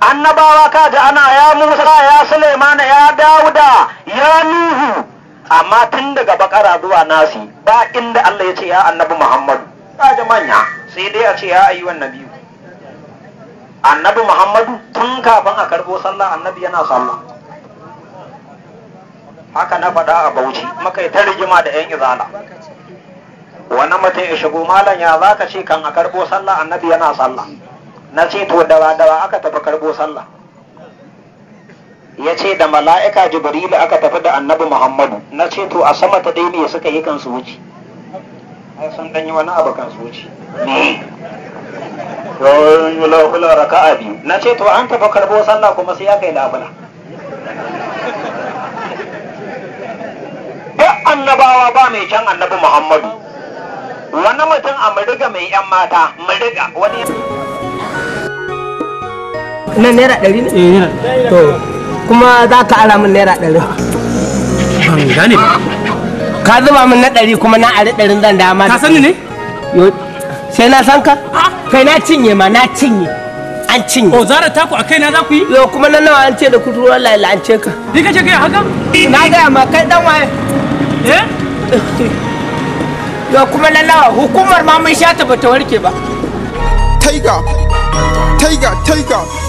annabawa kaga ana ya musa ya suleimana ya dawuda ya nuhu amma tun daga bakara zuwa nasi ba inda allah ya ce ya annabi muhammadu kaji manya sai dai a ce ya wannan biyu. annabi muhammadu tun kafin a karbo sallah annabi yana sallah haka na faɗa a bauchi muka ta rigima da yan izala wani mutum ya shigo malam ya za ka ce kan a karbo sallah annabi yana sallah na ce to dawa dawa aka tafi karbo sallah ya ce da mala'ika jibrilu aka tafi da annabi muhammadu na ce to a sama ta daini suka yi kansu wuce ai sun danyi wani abu kansu wuce yawon yulakula a biyu na ce to an tafi karbo sallah kuma sai ya kai labula duk annabawa ba mai can annabi muhammadu wani mutum a mai yan mata riga wani nan naira ɗari ne? eh to kuma za ka ara min naira ɗari ban gane ba ka zuba min na ɗari kuma na ari ɗarin zan dama ka sani ne? sai na san ka kai na cinye ma na cinye an cinye o oh, zara taku a kai na za ku yi? yau kuma na nawa an ce da kuturu Allah ya la'ance ka ni kace kai haka? na gaya ma kai dan waye eh? yau kuma na nawa hukumar ma mun sha ta bata warke ba taiga taiga taiga